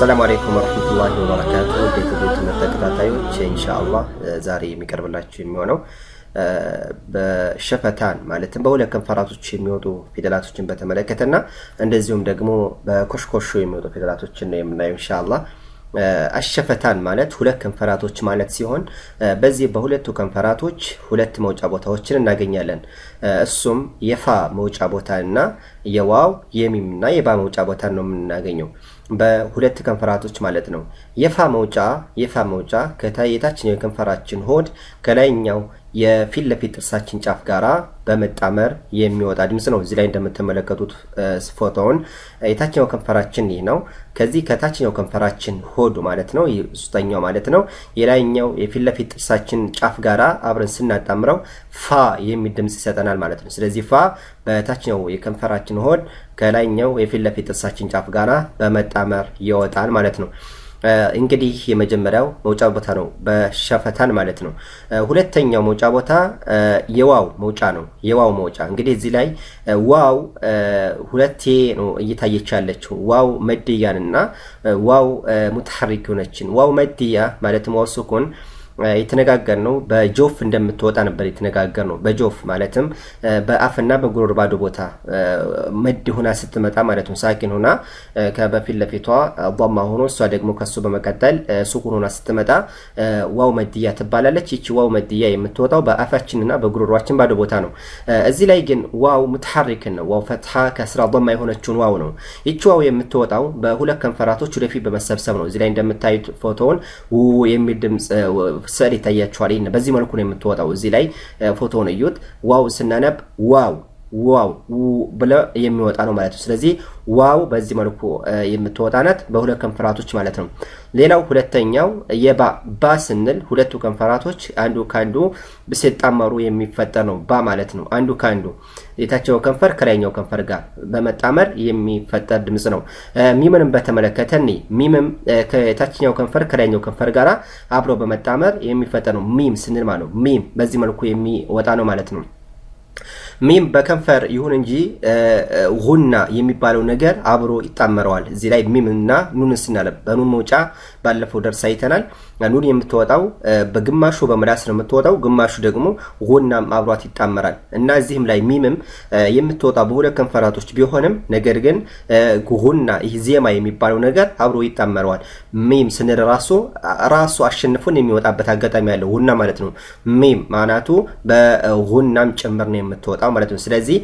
አሰላሙ አሌይኩም ወረህመቱላሂ ወበረካቱ ቤተቤት ተከታታዮች ኢንሻአላህ ዛሬ የሚቀርብላችሁ የሚሆነው በሸፈታን ማለትም በሁለት ከንፈራቶች የሚወጡ ፊደላቶችን በተመለከተና እንደዚሁም ደግሞ በኮሽኮሾ የሚወጡ ፊደላቶችን ነው የምናየው ኢንሻአላህ። አሸፈታን ማለት ሁለት ከንፈራቶች ማለት ሲሆን በዚህ በሁለቱ ከንፈራቶች ሁለት መውጫ ቦታዎችን እናገኛለን። እሱም የፋ መውጫ ቦታና የዋው የሚምና የባ መውጫ ቦታን ነው የምናገኘው። በሁለት ከንፈራቶች ማለት ነው። የፋ መውጫ የፋ መውጫ የታችኛው የከንፈራችን ሆድ ከላይኛው የፊት ለፊት ጥርሳችን ጫፍ ጋራ በመጣመር የሚወጣ ድምፅ ነው። እዚህ ላይ እንደምትመለከቱት ፎቶውን የታችኛው ከንፈራችን ይህ ነው። ከዚህ ከታችኛው ከንፈራችን ሆዱ ማለት ነው፣ ሶስተኛው ማለት ነው። የላይኛው የፊት ለፊት ጥርሳችን ጫፍ ጋራ አብረን ስናጣምረው ፋ የሚል ድምፅ ይሰጠናል ማለት ነው። ስለዚህ ፋ በታችኛው የከንፈራችን ሆድ ከላይኛው የፊት ለፊት ጥርሳችን ጫፍ ጋራ በመጣመር ይወጣል ማለት ነው። እንግዲህ የመጀመሪያው መውጫ ቦታ ነው፣ በሸፈታን ማለት ነው። ሁለተኛው መውጫ ቦታ የዋው መውጫ ነው። የዋው መውጫ እንግዲህ እዚህ ላይ ዋው ሁለቴ ነው እየታየች ያለችው። ዋው መድያን እና ዋው ሙተሐሪክ የሆነችን ዋው መድያ ማለትም ዋው ሱኩን የተነጋገር ነው በጆፍ እንደምትወጣ ነበር የተነጋገር ነው። በጆፍ ማለትም በአፍና በጉሮሮ ባዶ ቦታ መድ ሆና ስትመጣ ማለት ነው። ሳኪን ሆና ከበፊት ለፊቷ ቧማ ሆኖ እሷ ደግሞ ከሱ በመቀጠል ሱኩን ሆና ስትመጣ ዋው መድያ ትባላለች። ይቺ ዋው መድያ የምትወጣው በአፋችንና በጉሮሯችን ባዶ ቦታ ነው። እዚህ ላይ ግን ዋው ምትሐሪክን ነው። ዋው ፈትሓ ከስራ ቧማ የሆነችውን ዋው ነው። ይቺ ዋው የምትወጣው በሁለት ከንፈራቶች ወደፊት በመሰብሰብ ነው። እዚህ ላይ እንደምታዩት ፎቶውን የሚል ድምፅ ስዕል ይታያችኋል። በዚህ መልኩ ነው የምትወጣው። እዚህ ላይ ፎቶውን እዩት። ዋው ስናነብ ዋው ዋው ብለ የሚወጣ ነው ማለት ነው። ስለዚህ ዋው በዚህ መልኩ የምትወጣ ናት በሁለት ከንፈራቶች ማለት ነው። ሌላው ሁለተኛው የባ ባ ስንል ሁለቱ ከንፈራቶች አንዱ ከአንዱ ሲጣመሩ የሚፈጠር ነው ባ ማለት ነው። አንዱ ከአንዱ የታቸው ከንፈር ከላይኛው ከንፈር ጋር በመጣመር የሚፈጠር ድምፅ ነው። ሚምንም በተመለከተ ሚምም የታችኛው ከንፈር ከላይኛው ከንፈር ጋር አብሮ በመጣመር የሚፈጠር ነው ሚም ስንል ማለት ነው። ሚም በዚህ መልኩ የሚወጣ ነው ማለት ነው። ሚም በከንፈር ይሁን እንጂ ሁና የሚባለው ነገር አብሮ ይጣመረዋል። እዚህ ላይ ሚም እና ኑን ስናለ በኑን መውጫ ባለፈው ደርስ አይተናል። ኑን የምትወጣው በግማሹ በመዳስ ነው የምትወጣው፣ ግማሹ ደግሞ ሁና አብሯት ይጣመራል እና እዚህም ላይ ሚምም የምትወጣው በሁለት ከንፈራቶች ቢሆንም ነገር ግን ሁና ይህ ዜማ የሚባለው ነገር አብሮ ይጣመረዋል። ሚም ስንል ራሱ ራሱ አሸንፎን የሚወጣበት አጋጣሚ አለው። ሁና ማለት ነው። ሚም ማናቱ በሁናም ጭምር ነው የምትወጣው የሚወጣው ማለት ነው። ስለዚህ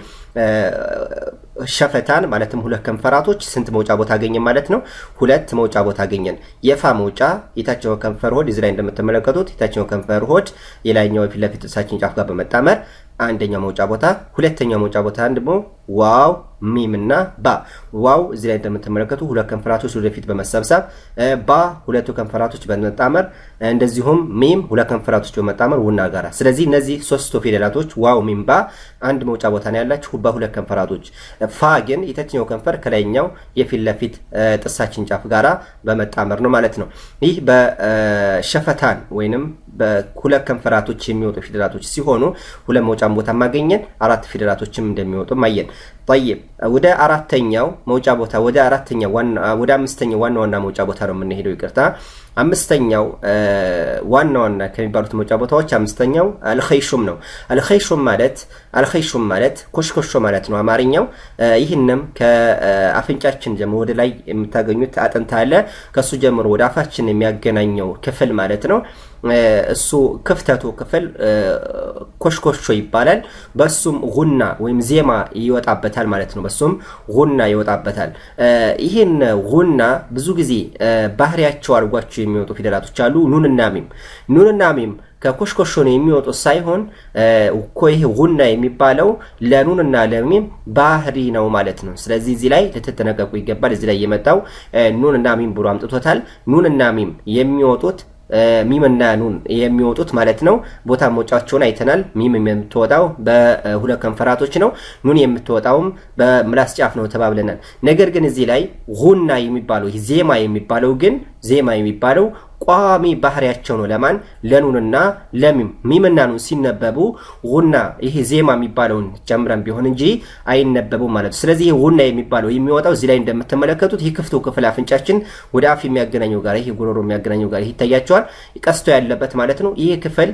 ሸፈታን ማለትም ሁለት ከንፈራቶች ስንት መውጫ ቦታ አገኘን ማለት ነው? ሁለት መውጫ ቦታ አገኘን። የፋ መውጫ የታችኛው ከንፈር ሆድ እዚህ ላይ እንደምትመለከቱት የታችኛው ከንፈር ሆድ የላይኛው የፊት ለፊት ጥርሳችን ጫፍ ጋር በመጣመር አንደኛው መውጫ ቦታ፣ ሁለተኛው መውጫ ቦታ ደግሞ ዋው ሚም እና ባ። ዋው እዚህ ላይ እንደምትመለከቱ ሁለት ከንፈራቶች ወደፊት በመሰብሰብ ባ ሁለቱ ከንፈራቶች በመጣመር እንደዚሁም ሚም ሁለት ከንፈራቶች በመጣመር ውና ጋራ። ስለዚህ እነዚህ ሶስቱ ፊደላቶች ዋው፣ ሚም፣ ባ አንድ መውጫ ቦታ ነው ያላችሁ በሁለት ከንፈራቶች። ፋ ግን የተኛው ከንፈር ከላይኛው የፊት ለፊት ጥርሳችን ጫፍ ጋራ በመጣመር ነው ማለት ነው። ይህ በሸፈታን ወይንም በሁለት ከንፈራቶች የሚወጡ ፊደላቶች ሲሆኑ ሁለት መውጫ መውጫን ቦታ ማገኘን አራት ፊደላቶችም እንደሚወጡ ማየን። ጠይብ ወደ አራተኛው መውጫ ቦታ ወደ አራተኛ ወደ አምስተኛው ዋና ዋና መውጫ ቦታ ነው የምንሄደው። ይቅርታ አምስተኛው ዋና ዋና ከሚባሉት መውጫ ቦታዎች አምስተኛው አልኸይሹም ነው። አልኸይሹም ማለት አልኸይሹም ማለት ኮሽኮሾ ማለት ነው አማርኛው። ይህንም ከአፍንጫችን ጀምሮ ወደ ላይ የምታገኙት አጥንት አለ። ከሱ ጀምሮ ወደ አፋችን የሚያገናኘው ክፍል ማለት ነው። እሱ ክፍተቱ ክፍል ኮሽኮሾ ይባላል። በሱም ጉና ወይም ዜማ ይወጣበታል ማለት ነው። በሱም ጉና ይወጣበታል። ይህን ጉና ብዙ ጊዜ ባህሪያቸው አድርጓቸው የሚወጡ ፊደላቶች አሉ። ኑንና ሚም ኑንና ሚም ከኮሽኮሾን የሚወጡ የሚወጡት ሳይሆን ኮይ ሁና የሚባለው ለኑንና ለሚም ባህሪ ነው ማለት ነው። ስለዚህ እዚህ ላይ ልትጠነቀቁ ይገባል። እዚህ ላይ የመጣው ኑንና ሚም ብሎ አምጥቶታል። ኑንና ሚም የሚወጡት ሚምናኑን የሚወጡት ማለት ነው። ቦታ መውጫቸውን አይተናል። ሚም የምትወጣው በሁለት ከንፈራቶች ነው። ኑን የምትወጣውም በምላስ ጫፍ ነው ተባብለናል። ነገር ግን እዚህ ላይ ሁና የሚባለው ዜማ የሚባለው ግን ዜማ የሚባለው ቋሚ ባህሪያቸው ነው። ለማን ለኑንና ለሚም ሚምና ኑን ሲነበቡ ጉና ይሄ ዜማ የሚባለውን ጨምረን ቢሆን እንጂ አይነበቡ ማለት ነው። ስለዚህ ይሄ ና የሚባለው የሚወጣው እዚህ ላይ እንደምትመለከቱት ይህ ክፍቱ ክፍል አፍንጫችን ወደ አፍ የሚያገናኘው ጋር ይሄ ጉሮሮ የሚያገናኘው ጋር ይታያቸዋል። ቀስቶ ያለበት ማለት ነው። ይሄ ክፍል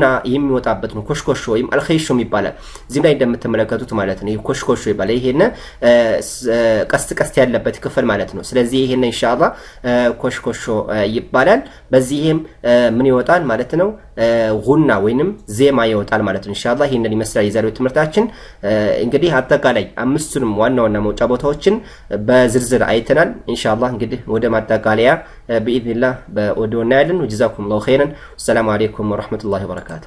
ና የሚወጣበት ነው። ኮሽኮሾ ወይም አልኸይሾ ይባላል። እዚህም ላይ እንደምትመለከቱት ማለት ነው። ይሄ ኮሽኮሾ ይባላል። ይሄን ቀስት ቀስት ያለበት ክፍል ማለት ነው። ስለዚህ ይሄን ኢንሻአላህ ኮሽኮሾ ይባላል። ይባላል። በዚህም ምን ይወጣል ማለት ነው? ጉና ወይንም ዜማ ይወጣል ማለት ነው። ኢንሻአላህ ይህንን ይመስላል የዛሬው ትምህርታችን። እንግዲህ አጠቃላይ አምስቱንም ዋና ዋና መውጫ ቦታዎችን በዝርዝር አይተናል። እንሻላ እንግዲህ ወደ ማጠቃለያ በኢዝኒላህ ወደ እናያለን። ወጀዛኩም ላሁ ኸይረን። ሰላም አለይኩም ወረህመቱላሂ ወበረካቱ።